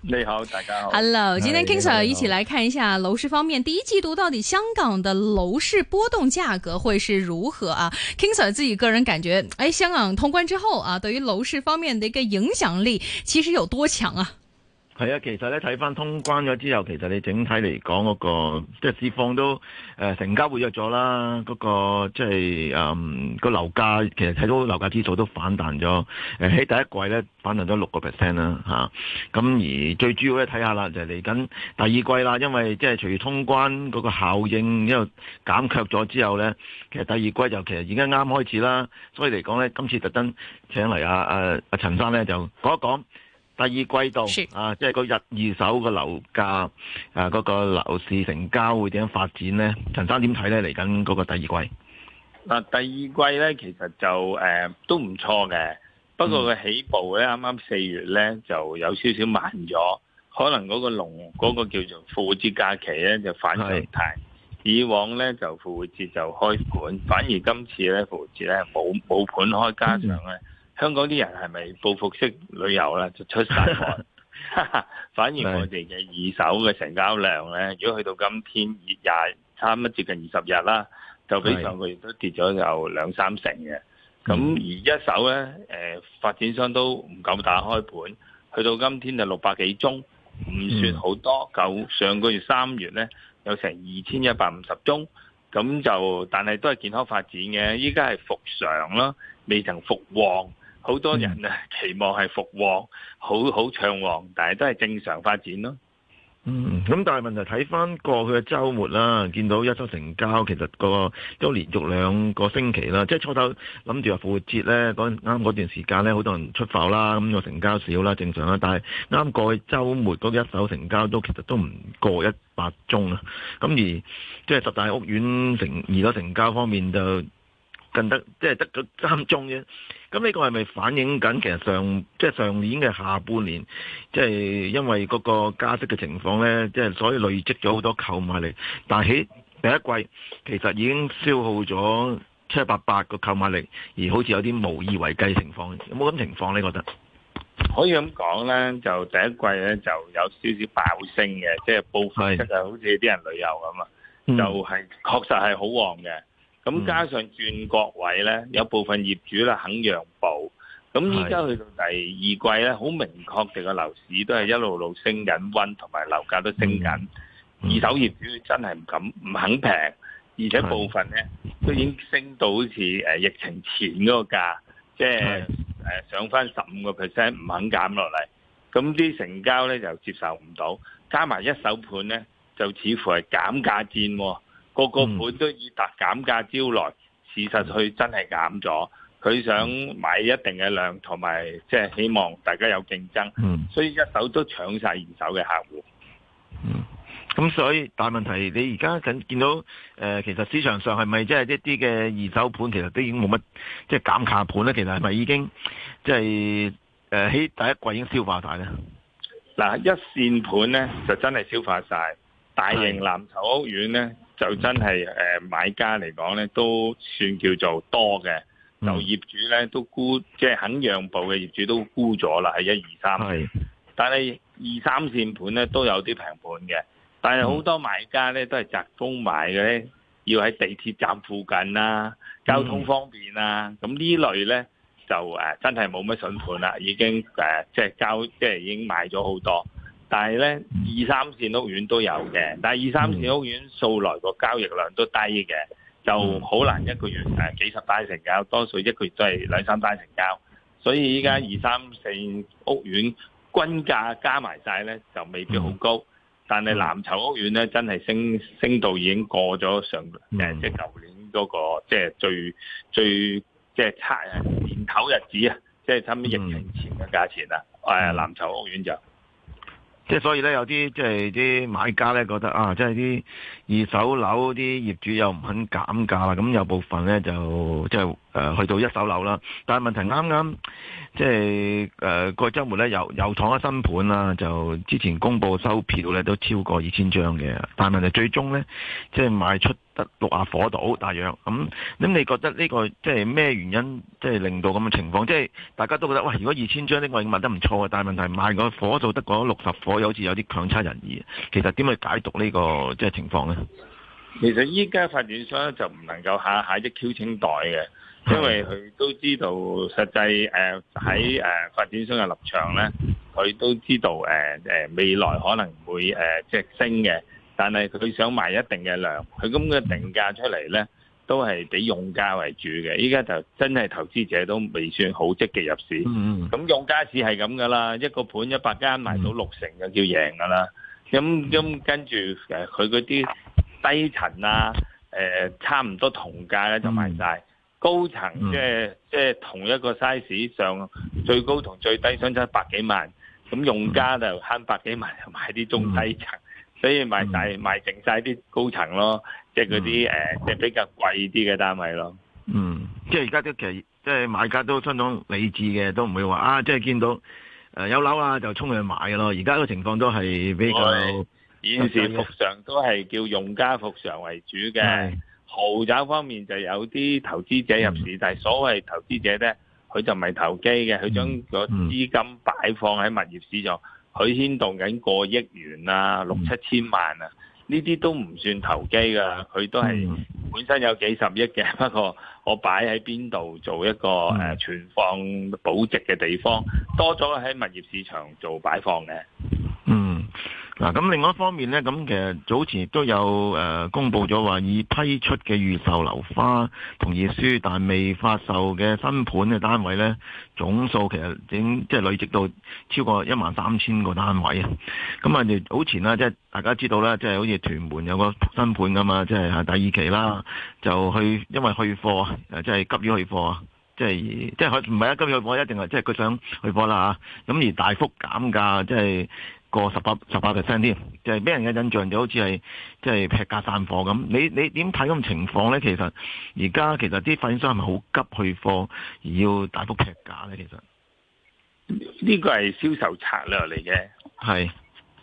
你好，大家好。Hello，今天 King Sir 一起來看一下樓市方面，第一季度到底香港的樓市波動價格會是如何啊？King Sir 自己個人感覺，誒、哎，香港通關之後啊，對於樓市方面的一個影響力其實有多強啊？係啊，其實咧睇返通關咗之後，其實你整體嚟講嗰個即係市況都誒、呃、成交活躍咗啦，嗰、那個即係誒個樓價，其實睇到樓價指數都反彈咗。誒、呃、喺第一季咧反彈咗六個 percent 啦，咁、啊、而最主要咧睇下啦，就嚟、是、緊第二季啦，因為即係隨住通關嗰、那個效應因為減卻咗之後咧，其實第二季就其實而家啱開始啦。所以嚟講咧，今次特登請嚟啊啊啊陳生咧就講一講。第二季度是啊，即、就、係、是、個日二手嘅樓價啊，嗰、那個樓市成交會點樣發展呢？陳生點睇呢？嚟緊嗰個第二季嗱，第二季呢，其實就誒、呃、都唔錯嘅，不過佢起步呢，啱啱四月呢，就有少少慢咗，可能嗰個龍嗰、嗯、個叫做復活節假期呢，就反常態，是以往呢，就復活節就開盤，反而今次咧復活節咧冇冇盤開，加上呢，嗯香港啲人係咪報復式旅遊啦？就出晒汗， 反而我哋嘅二手嘅成交量咧，如果去到今天二廿差唔多接近二十日啦，就比上個月都跌咗有兩三成嘅。咁的而一手咧，誒、呃、發展商都唔夠打開盤，去到今天就六百幾宗，唔算好多。九的上個月三月咧有成二千一百五十宗，咁就但係都係健康發展嘅。依家係復常啦，未曾復旺。好多人啊，期望係復旺，好好暢旺，但係都係正常發展咯。嗯，咁但係問題睇返過去嘅週末啦，見到一手成交其實、個都連續兩個星期啦，即係初頭諗住話復活節咧，嗰啱嗰段時間咧，好多人出埠啦，咁、個成交少啦，正常啦。但係啱過去週末嗰啲、那個、一手成交都其實都唔過一百宗啦。咁而即係十大屋苑成二手成交方面就。近得即係、就是、得咗三宗啫。咁呢個係咪反映緊其實上即係、就是、上年嘅下半年，即、就、係、是、因為嗰個加息嘅情況咧，即、就、係、是、所以累積咗好多購買力，但喺第一季其實已經消耗咗七八百個購買力，而好似有啲無以為繼情況，有冇咁情況咧？覺得可以咁講咧，就第一季咧就有少少爆升嘅，即係報復即係好似啲人旅遊咁啊，是就係確實係好旺嘅。咁加上轉角位咧，有部分業主咧肯讓步。咁依家去到第二季咧，好明確嘅個樓市都係一路路升緊溫，同埋樓價都升緊。二手業主真係唔敢唔肯平，而且部分咧都已經升到好似誒疫情前嗰個價，即係誒上翻十五個 percent，唔肯減落嚟。咁啲成交咧就接受唔到，加埋一手盤咧就似乎係減價戰喎、啊。個個盤都以打減價招來，事實佢真係減咗。佢想買一定嘅量，同埋即係希望大家有競爭，嗯、所以一手都搶晒二手嘅客戶。咁、嗯、所以大問題，你而家緊見到誒、呃，其實市場上係咪即係一啲嘅二手盤其實都已經冇乜，即係減價盤咧？其實係咪已經即係誒喺第一季已經消化晒咧？嗱，一線盤咧就真係消化晒，大型藍籌屋苑咧。就真係誒、呃、買家嚟講咧，都算叫做多嘅。就業主咧都沽，即、就、係、是、肯讓步嘅業主都沽咗啦，係的一二三。係。但係二三線盤咧都有啲平盤嘅，但係好多買家咧都係集中買嘅咧，要喺地鐵站附近啦、啊，交通方便啦、啊。咁的呢類咧就、啊、真係冇乜筍盤啦，已經即係、啊就是、交即係已經買咗好多。但係咧，二三線屋苑都有嘅，但係二三線屋苑素來個交易量都低嘅，就好難一個月誒幾十單成交，多數一個月都係兩三單成交。所以依家二三四屋苑均價加埋晒咧，就未必好高。但係藍籌屋苑咧，真係升升到已經過咗上誒，即係舊年嗰、嗰個即係、即係、最最即係差年頭日子啊！即係差唔多疫情前嘅價錢、嗯、啊，誒藍籌屋苑就。即係，所以咧，有啲即係啲買家咧，覺得啊，即係啲二手樓啲業主又唔肯減價啦，咁有部分咧就即係。誒去到一手樓啦，但係問題啱啱即係誒個週末咧，又又躺咗新盤啦，啊，就之前公布收票咧都超過二千張嘅，但係問題最終咧即係賣出得六啊火度，大約咁，咁你覺得呢個即係咩原因即係令到咁嘅情況？即、就、係、是、大家都覺得哇，哎，如果二千張呢我已經賣得唔錯嘅，但係問題賣個火就得嗰六十火好似有啲強差人意，其實點去解讀呢，這個即係、就是、情況咧？其實依家發展商咧就唔能夠下下只超清袋嘅，因為佢都知道實際誒喺誒發展商嘅立場咧，佢都知道、呃、未來可能會、呃、直即升嘅，但係佢想賣一定嘅量，佢咁嘅定價出嚟咧都係畀用家為主嘅。依家就真係投資者都未算好積極入市，咁、嗯嗯、用家市係咁噶啦，一個盤一百間賣到六成就叫贏噶啦。咁咁跟住誒佢嗰啲。低層啊，誒、呃，差唔多同價咧就賣晒，嗯、高層即係即係同一個 size 上、嗯、最高同最低相差百幾萬，咁用家就慳百幾萬就買啲中低層，嗯、所以賣晒賣、嗯、剩晒啲高層咯，即係嗰啲誒即係比較貴啲嘅單位咯。嗯，即係而家都其實即係買家都相當理智嘅，都唔會話啊，即係見到誒、呃、有樓啊就衝去買嘅咯。而家個情況都係比較。哎現時服常都係叫用家服常為主嘅，豪宅方面就有啲投資者入市，但係所謂投資者呢，佢就唔係投機嘅，佢將個資金擺放喺物業市場，佢牽動緊過億元啊，六七千萬啊，呢啲都唔算投機噶，佢都係本身有幾十億嘅，不過我擺喺邊度做一個誒、呃、存放保值嘅地方，多咗喺物業市場做擺放嘅。嗱，咁、啊、另外一方面咧，咁其實早前亦都有誒、呃、公布咗話已批出嘅預售樓花同意書，但未發售嘅新盤嘅單位咧，總數其實已經即係累積到超過一萬三千個單位啊！咁啊，早前啦，即係大家知道啦，即係好似屯門有個新盤噶嘛，即係第二期啦，就去因為去貨啊，即係急於去貨啊，即係即係唔係啊，急於去貨一定係即係佢想去貨啦吓，咁而大幅減價，即係。個十八十八 percent 添，就係、是、俾人嘅印象就好似係即係劈價散貨咁。你你點睇咁情況咧？其實而家其實啲發展商係咪好急去貨，而要大幅劈價咧？其實呢個係銷售策略嚟嘅，係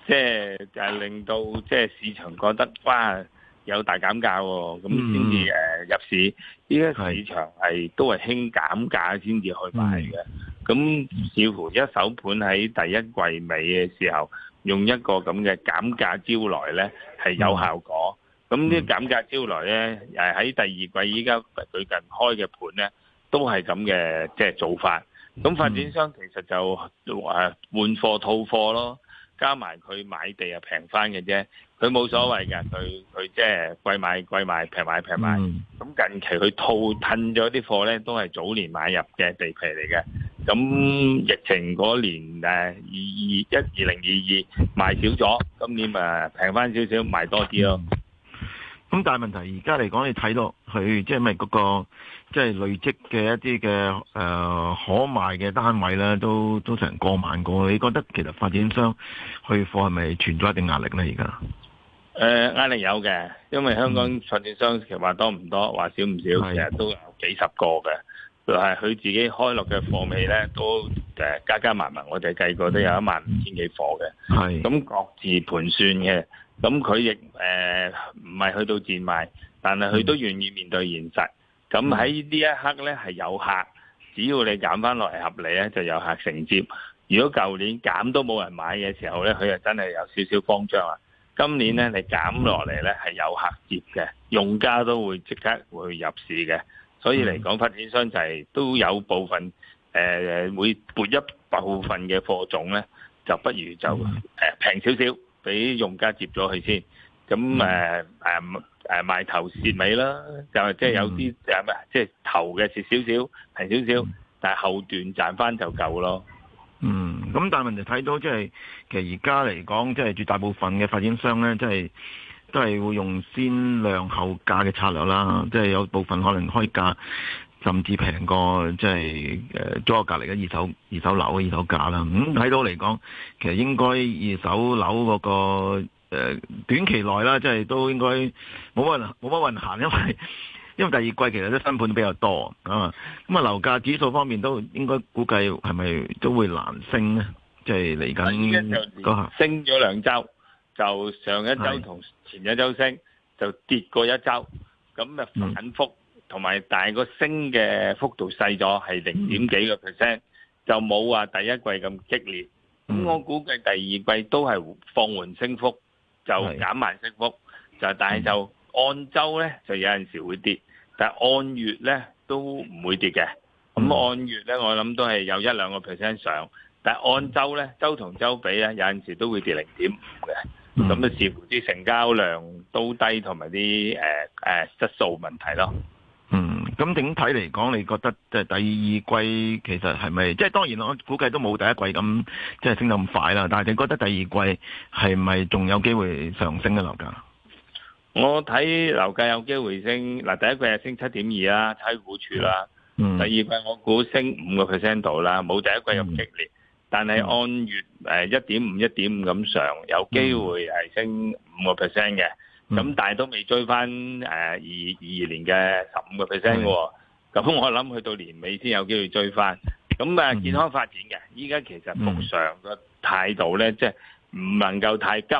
即係誒令到即係、就是、市場覺得哇有大減價喎、哦，咁先至誒入市。依家市場係都係興減價先至去買嘅。嗯咁似乎一手盤喺第一季尾嘅時候，用一個咁嘅減價招來呢係有效果。咁啲減價招來呢，誒喺第二季依家最近開嘅盤呢，都係咁嘅即係做法。咁發展商其實就誒換貨套貨咯，加埋佢買地又平返嘅啫。佢冇所謂嘅，佢佢即係貴買貴買，平買平買。咁、嗯、近期佢套吞咗啲貨咧，都係早年買入嘅地皮嚟嘅。咁、嗯嗯、疫情嗰年誒二二一二零二二賣少咗，今年咪平翻少少賣多啲咯。咁、嗯、但係問題而家嚟講，你睇到佢即係咪嗰個即係累積嘅一啲嘅誒可賣嘅單位咧，都都成過萬個。你覺得其實發展商去貨係咪存在一定壓力咧？而家？呃，壓力有嘅，因為香港發展商其實話多唔多，話少唔少，的其實都有幾十個嘅。就係、是、佢自己開落嘅貨尾咧，都誒加加埋埋，呃、加加埋埋，我哋計過都有一萬五千幾貨嘅。咁的各自盤算嘅。咁佢亦誒唔係去到賤賣，但係佢都願意面對現實。咁喺呢一刻咧係有客，只要你減翻落嚟合理咧就有客承接。如果舊年減都冇人買嘅時候咧，佢就真係有少少慌張啊！今年咧，你減落嚟咧係有客接嘅，用家都會即刻會入市嘅，所以嚟講發展商就係都有部分誒會撥一部分嘅貨種咧，就不如就誒平少少俾用家接咗去先，咁誒誒誒賣頭蝕尾啦，就係即係有啲誒咩，即係頭嘅蝕少少平少少，但係後段賺翻就夠咯。嗯，咁但係問題睇到即係其實而家嚟講，即係絕大部分嘅發展商咧，即係都係會用先量後價嘅策略啦。嗯、即係有部分可能開價甚至平過即係誒左隔籬嘅二手二手樓嘅二手價啦。咁、嗯、睇到嚟講，其實應該二手樓嗰、嗰個、呃、短期內啦，即係都應該冇乜冇乜運行，因為。因為第二季其實啲新盤比較多啊，咁啊樓價指數方面都應該估計係咪都會難升咧？即係嚟緊升咗兩周，就上一周同前一周升，就跌過一周，咁啊反覆同埋但係個升嘅幅度細咗，係零點幾個 percent，就冇話第一季咁激烈。咁我估計第二季都係放緩升幅，就減慢升幅，就但係就按周咧就有陣時會跌。但係按月咧都唔會跌嘅，咁按月咧我諗都係有一兩個 percent 上。但係按周咧，周同周比咧，有陣時都會跌零點五嘅。咁就，視乎啲成交量都低同埋啲誒誒質素問題咯。嗯，咁整體嚟講，你覺得即係第二季其實係咪？即係當然我估計都冇第一季咁即係升得咁快啦。但係你覺得第二季係咪仲有機會上升嘅樓價？我睇樓價有機會升，嗱第一季係升七點二啦，睇股柱啦。嗯。第二季我估升五個 percent 度啦，冇第一季咁激烈。但係按月誒一點五一點五咁上，有機會係升五個 percent 嘅。嗯。咁但係都未追翻誒二二二年嘅十五個 percent 嘅喎。咁我諗去到年尾先有機會追翻。咁誒健康發展嘅，依家其實奉上個態度咧，即係唔能夠太急。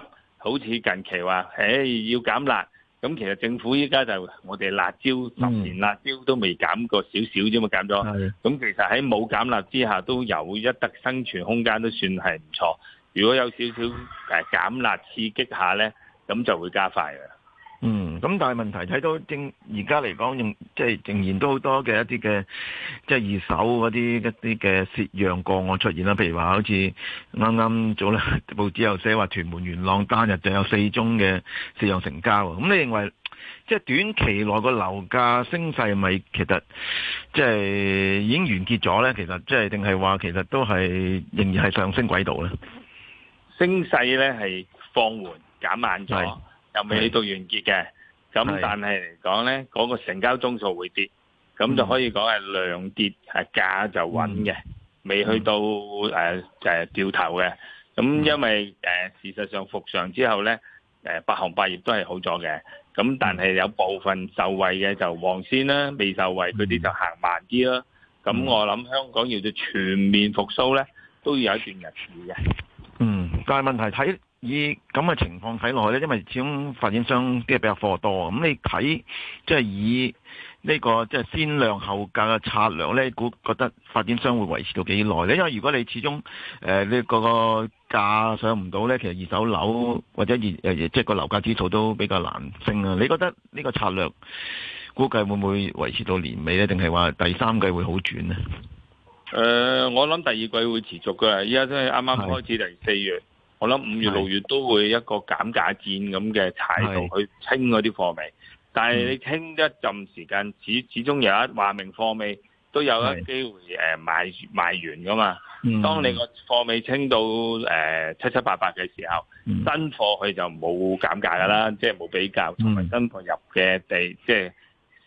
好似近期話，誒、哎、要減辣，咁其實政府依家就係，我哋辣椒十年辣椒都未減過少少啫嘛，減咗。咁其實喺冇減辣之下都有一得生存空間，都算係唔錯。如果有少少誒減辣刺激下呢，咁就會加快嘅。嗯，咁但係問題睇到正而家嚟講，用即係仍然都好多嘅一啲嘅即係二手嗰啲一啲嘅蝕讓個案出現啦。譬如話，好似啱啱早咧報紙又寫話，屯門元朗單日就有四宗嘅蝕讓成交。咁你認為即係短期內個樓價升勢係咪其實即係已經完結咗咧？其實即係定係話其實都係仍然係上升軌道咧？升勢咧係放緩減慢咗？又未到完結嘅，咁但係嚟講呢，嗰個成交宗數會跌，咁就可以講係量跌，係價就穩嘅，未去到誒誒掉頭嘅。咁因為誒事實上復常之後呢，誒百行百業都係好咗嘅，咁但係有部分受惠嘅就黃先啦，未受惠嗰啲就行慢啲咯。咁我諗香港要到全面復甦呢，都要有一段日子嘅。嗯，但係問題睇。以咁嘅情況睇落去咧，因為始終發展商啲比較貨多，咁你睇即係以呢、這個即係、就是、先量後價嘅策略咧，估覺得發展商會維持到幾耐咧？因為如果你始終誒呢個價上唔到咧，其實二手樓或者二誒即係個樓價指數都比較難升啊。你覺得呢個策略估計會唔會維持到年尾咧？定係話第三季會好轉呢？誒、呃，我諗第二季會持續嘅，依家都係啱啱開始嚟四月。我諗五月六月都會一個減價戰咁嘅態度去清嗰啲貨尾，是但係你清一陣時間，始始終有一萬名貨尾，都有一機會誒是、呃、賣賣完噶嘛。嗯、當你個貨尾清到誒、呃、七七八八嘅時候，嗯、新貨佢就冇減價噶啦，嗯、即係冇比較，同埋新貨入嘅地、嗯、即係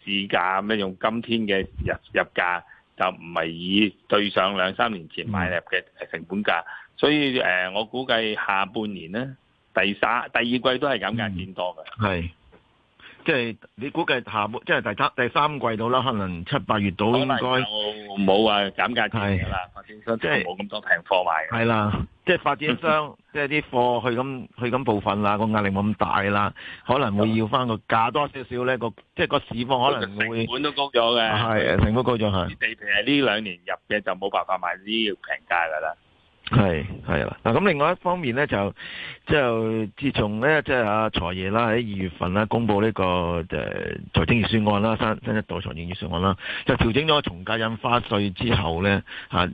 市價咁樣，用今天嘅入入價就唔係以對上兩三年前買入嘅成本價。所以誒、呃，我估計下半年咧，第三、第二季都係減價見多嘅。係、嗯，即係、就是、你估計下半，即、就、係、是、第三、第三季到啦，可能七八月到應該冇話減價。發展商即係冇咁多平貨賣。係啦，即、就、係、是、發展商， 即係啲貨去咁去咁部分啦，個壓力冇咁大啦，可能會要翻個價多少少咧，個即係個市況可能會成本都高咗嘅。係成本高咗係。以地皮係呢兩年入嘅就冇辦法買呢啲平價噶啦。係係啦，嗱咁，啊、另外一方面咧，就即係自從咧，即、就、係、是、啊財爺啦，喺二月份啦，公布呢、這個誒財政預算案啦，新新一代財政預算案啦，就調整咗從價印花稅之後咧，吓、啊、到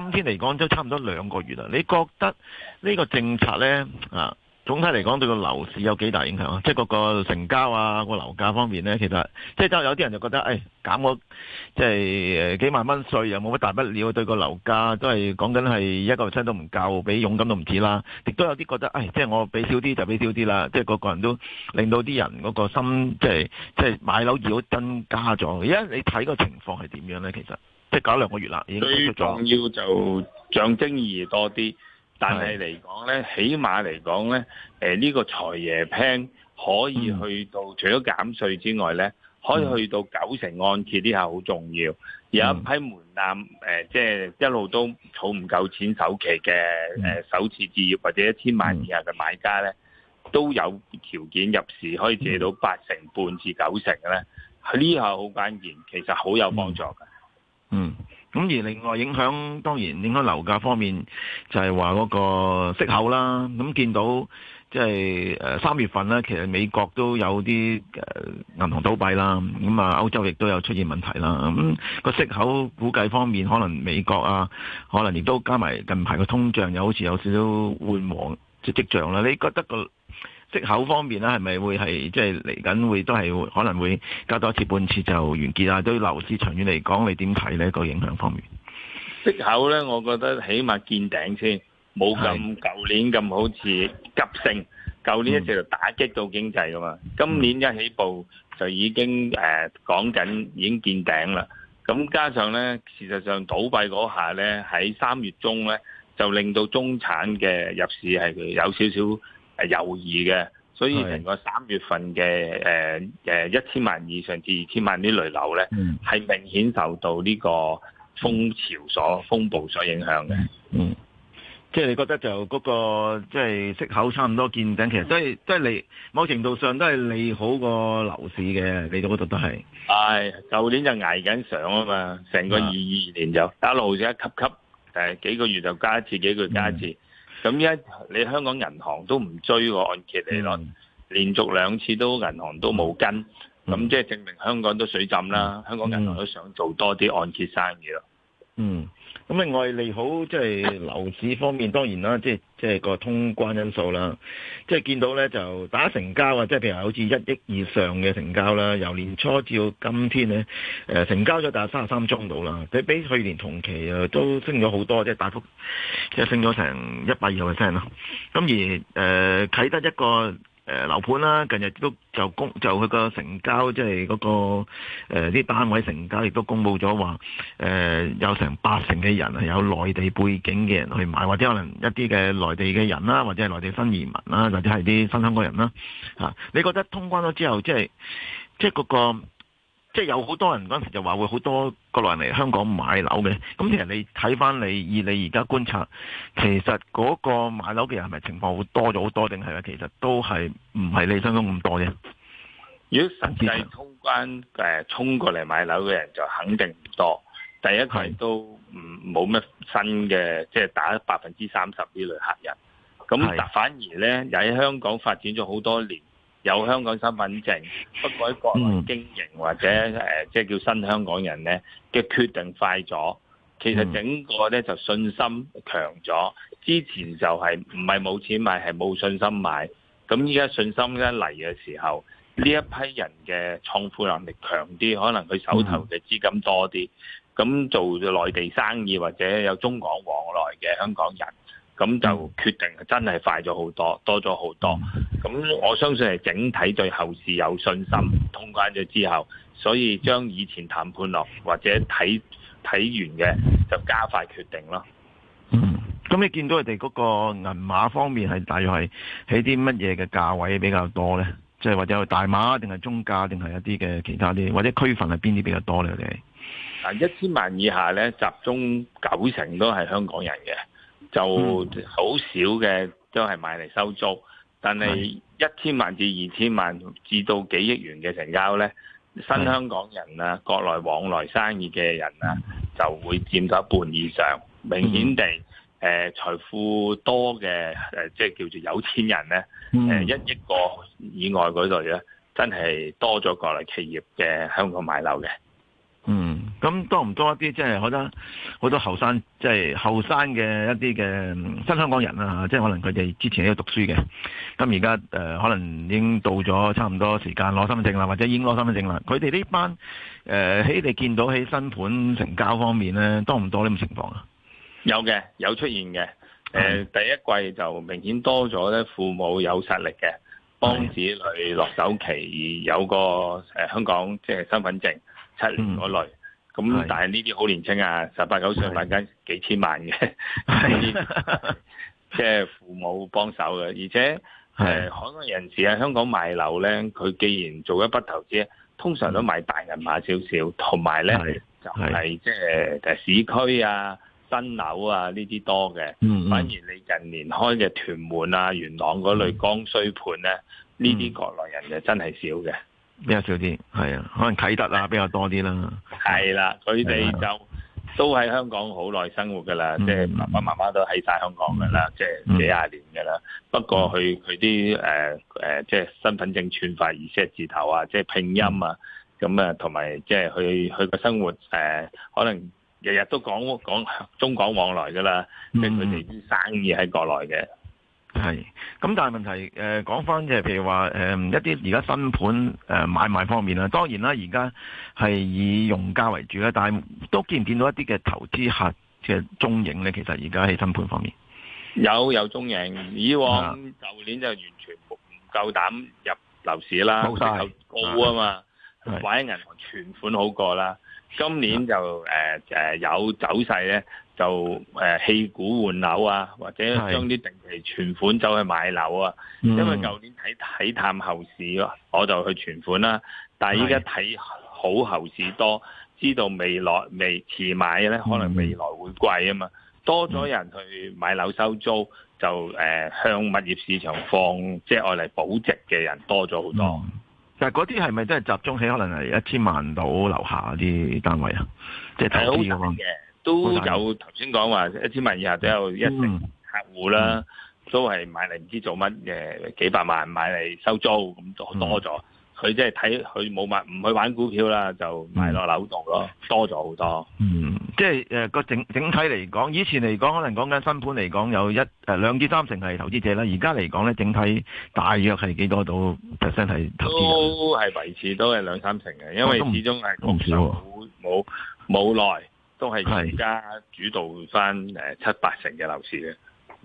今天嚟講都差唔多兩個月啦，你覺得呢個政策咧啊？總體嚟講對個樓市有幾大影響啊？即係個個成交啊，個樓價方面咧，其實即係都有啲人就覺得，誒、哎，減我即係誒幾萬蚊稅又冇乜大不了，對個樓價都係講緊係一個 percent 都唔夠，俾佣金都唔止啦。亦都有啲覺得，誒、哎，即係我俾少啲就俾少啲啦。即係個個人都令到啲人嗰個心，即係即係買樓如果增加咗，而家你睇個情況係點樣咧？其實即係搞兩個月啦，已經出咗。最重要就象徵意義多啲。但係嚟講咧，起碼嚟講咧，呢、呃這個財爺 plan 可以去到、嗯、除咗減稅之外咧，嗯、可以去到九成按揭，呢下好重要。嗯、有一批門檻誒、呃，即係一路都儲唔夠錢首期嘅、呃、首次置業或者一千萬以下嘅買家咧，都有條件入市可以借到八成半至九成嘅咧，呢下好關鍵，其實好有幫助嘅、嗯。嗯。咁而另外影響當然影響樓價方面就係話嗰個息口啦，咁見到即係誒三月份呢、啊，其實美國都有啲誒銀行倒閉啦，咁啊歐洲亦都有出現問題啦。咁、嗰個息口估計方面，可能美國啊，可能亦都加埋近排個通脹又好似有少少緩和即係跡象啦。你覺得個息口方面咧，係咪會係即係嚟緊會都係可能會加多一次半次就完結啊？對於樓市長遠嚟講，你點睇呢、這個影響方面，息口咧，我覺得起碼見頂先，冇咁舊年咁好似急升。舊年一直就打擊到經濟噶嘛，嗯、今年一起步就已經誒講緊已經見頂啦。咁加上咧，事實上倒閉嗰下咧，喺三月中咧就令到中產嘅入市係有少少。誒，有意嘅，所以成個三月份嘅誒誒一千萬以上至二千萬啲類樓咧，係、嗯、明顯受到呢個風潮所風暴所影響嘅。嗯，即係你覺得就嗰、那個即係、就是、息口差唔多見頂，嗯、其實都係都係你某程度上都係利好個樓市嘅。你嗰度都係，係舊、哎、年就挨緊上啊嘛，成個二二年就、嗯、打一路就一級級誒幾個月就加一次，幾個月加一次。嗯咁依家你香港銀行都唔追個按揭利率、嗯、連續兩次都銀行都冇跟，咁、嗯、即係證明香港都水浸啦。嗯、香港銀行都想做多啲按揭生意咯。嗯。咁另、嗯、外利好即係樓市方面，當然啦，即係即係個通關因素啦，即、就、係、是、見到咧就打成交啊，即、就、係、是、譬如好似一億以上嘅成交啦，由年初至到今天咧，誒、呃、成交咗大約三十三宗到啦，比比去年同期啊都升咗好多，即、就、係、是、大幅即係、就是、升咗成一百二十個 percent 咯。咁、嗯、而誒啟德一個。誒、呃、樓盤啦、啊，近日都就公就佢個成交，即係嗰個啲、呃、單位成交，亦都公布咗話，誒、呃、有成八成嘅人係有內地背景嘅人去買，或者可能一啲嘅內地嘅人啦，或者係內地新移民啦，或者係啲新香港人啦、啊，你覺得通關咗之後，即係即係嗰個。即係有好多人嗰陣時就話會好多國內人嚟香港買樓嘅，咁其實你睇翻你以你而家觀察，其實嗰個買樓嘅人係咪情況會多咗好多定係咧？是其實都係唔係你心中咁多啫。如果實際通關誒、呃、衝過嚟買樓嘅人就肯定唔多，第一佢都唔冇乜新嘅，即係打百分之三十呢類客人，咁但反而咧是的 又喺香港發展咗好多年。有香港身份證，不過喺國內經營或者、呃、即係叫新香港人咧嘅決定快咗，其實整個咧就信心強咗。之前就係唔係冇錢買，係冇信心買。咁依家信心一嚟嘅時候，呢一批人嘅創富能力強啲，可能佢手頭嘅資金多啲，咁做了內地生意或者有中港往來嘅香港人。咁就決定真係快咗好多，多咗好多。咁我相信係整體對後市有信心，通關咗之後，所以將以前談判落或者睇睇完嘅就加快決定咯。嗯，咁你見到佢哋嗰個銀碼方面係大約係喺啲乜嘢嘅價位比較多呢？即係或者係大碼定係中價定係一啲嘅其他啲，或者區分係邊啲比較多呢？佢哋嗱，一千萬以下呢，集中九成都係香港人嘅。就好少嘅都係買嚟收租，但係一千萬至二千萬至到幾億元嘅成交呢，新香港人啊，國內往來生意嘅人啊，就會佔咗一半以上。明顯地，誒、呃、財富多嘅、呃、即叫做有錢人呢，呃、一億個以外嗰類咧，真係多咗國內企業嘅香港買樓嘅。嗯。咁多唔多一啲，即係好多好多後生，即係後生嘅一啲嘅新香港人啦，即係可能佢哋之前喺度讀書嘅，咁而家誒可能已經到咗差唔多時間攞身份證啦，或者已經攞身份證啦。佢哋呢班誒喺你見到喺新盤成交方面咧，多唔多呢咁情況啊？有嘅，有出現嘅。誒、呃嗯、第一季就明顯多咗咧，父母有實力嘅幫子女落首期，有個誒香港即係、就是、身份證七年嗰咁、嗯、但係呢啲好年青啊，是十八九歲買緊幾千萬嘅，即係是 父母幫手嘅。而且誒是、呃、海外人士喺香港買樓咧，佢既然做一筆投資，通常都買大銀碼少少，同埋咧就係即係市區啊、新樓啊呢啲多嘅。反而你近年開嘅屯門啊、元朗嗰類剛需盤咧，呢啲是國內人就真係少嘅。比較少啲，係啊，可能啟德啊比較多啲啦。係啦，佢哋就都喺香港好耐生活噶啦，即係爸爸媽媽都喺晒香港噶啦，即係幾廿年噶啦。不過佢佢啲誒誒，即係身份證串法，意思係字頭啊，即係拼音啊，咁啊，同埋即係佢佢嘅生活誒，可能日日都講講中港往來噶啦，即係佢哋啲生意喺國內嘅。係，咁但係問題，誒講翻即係，譬如話，誒、呃、一啲而家新盤誒、呃、買賣方面啦，當然啦，而家係以用家為主啦，但係都見唔見到一啲嘅投資客嘅蹤影咧？其實而家喺新盤方面有有蹤影，以往舊年就完全唔夠膽入樓市啦，太高啊嘛，擺喺銀行存款好過啦。今年就誒、呃、有走勢咧，就誒棄、呃、股換樓啊，或者將啲定期存款走去買樓啊。是因為舊年睇睇淡後市咯，我就去存款啦。但係依家睇好後市多，知道未來未遲買咧，可能未來會貴啊嘛。多咗人去買樓收租，就、呃、向物業市場放，即係攞嚟保值嘅人多咗好多。嗯但係嗰啲係咪真係集中喺可能係一千萬到樓下啲單位啊？即係睇好啲嘅，都有頭先講話一千萬以下，都有一成客戶啦，嗯、都係買嚟唔知做乜嘅，幾百萬買嚟收租咁多咗。嗯佢即係睇，佢冇買，唔去玩股票啦，就買落樓度咯，嗯、多咗好多。嗯，即係誒個整整體嚟講，以前嚟講可能講緊新盤嚟講有一誒兩、呃、至三成係投資者啦，而家嚟講咧整體大約係幾多到 percent 係投資？都係維持都係兩三成嘅，因為始終係市場冇冇耐，都係而家主導翻誒七八成嘅樓市嘅。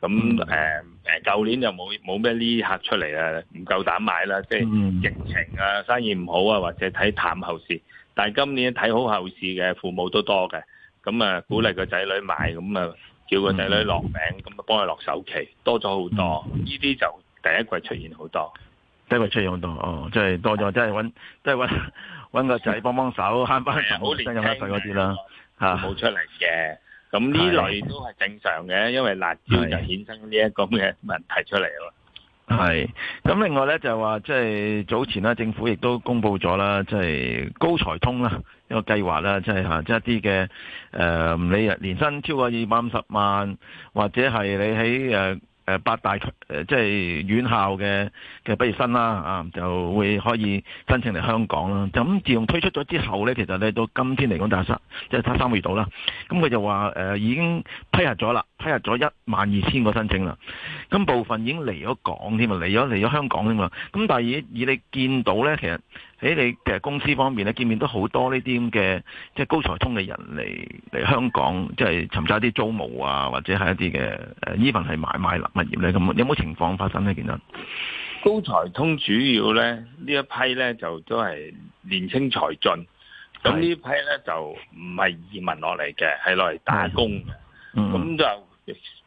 咁誒誒，舊、嗯嗯、年就冇冇咩呢客出嚟啊，唔夠膽買啦，即係疫情啊，生意唔好啊，或者睇淡後市。但係今年睇好後市嘅父母都多嘅，咁啊、呃、鼓勵個仔女買，咁啊叫個仔女落名，咁啊幫佢落首期，多咗好多。呢啲、嗯、就第一季出現好多，第一季出現好多哦，即、就、係、是、多咗，即係搵即係揾個仔幫幫手，慳翻好年青嗰啲啦嚇冇出嚟嘅。咁呢類都係正常嘅，是因為辣招就衍生呢一個嘅問題出嚟咯。係，咁另外咧就話即係早前啦，政府亦都公布咗啦，即係高才通啦一個計劃啦，即係吓即係一啲嘅誒，你年薪超過二百五十萬或者係你喺誒。呃誒八大誒即係院校嘅嘅畢業生啦，啊就會可以申請嚟香港啦。咁自從推出咗之後咧，其實你到今天嚟講，就是、大失即係差三個月到啦。咁佢就話誒、呃、已經批核咗啦，批核咗一萬二千個申請啦。咁部分已經嚟咗港添嘛，嚟咗嚟咗香港添。咁但係以，以你見到咧，其實。喺你嘅公司方面咧，見面都好多呢啲咁嘅即係高才通嘅人嚟嚟香港，即係尋找一啲租務啊，或者係一啲嘅呢份係買賣物業咧。咁有冇情況發生呢？建得高才通主要咧呢一批咧就都係年輕才俊，咁是呢批咧就唔係移民落嚟嘅，係落嚟打工嘅。咁、嗯、就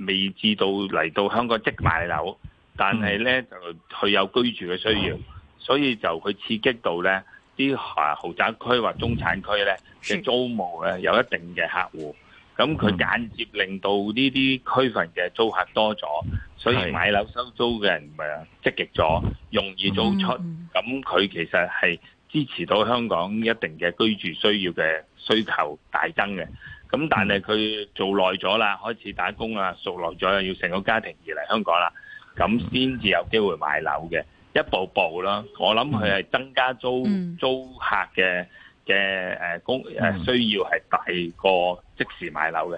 未至到嚟到香港即買樓，嗯、但係咧就佢有居住嘅需要。所以就佢刺激到呢啲啊豪宅區或中產區呢嘅租務呢有一定嘅客戶，咁佢的間接令到呢啲區份嘅租客多咗，所以買樓收租嘅人咪積極咗，容易租出，咁佢的其實係支持到香港一定嘅居住需要嘅需求大增嘅。咁但係佢做耐咗啦，開始打工啊，熟耐咗，要成個家庭移嚟香港啦，咁先至有機會買樓嘅。一步步啦，我諗佢係增加租、嗯、租客嘅嘅誒供誒需要係大過即時買樓嘅。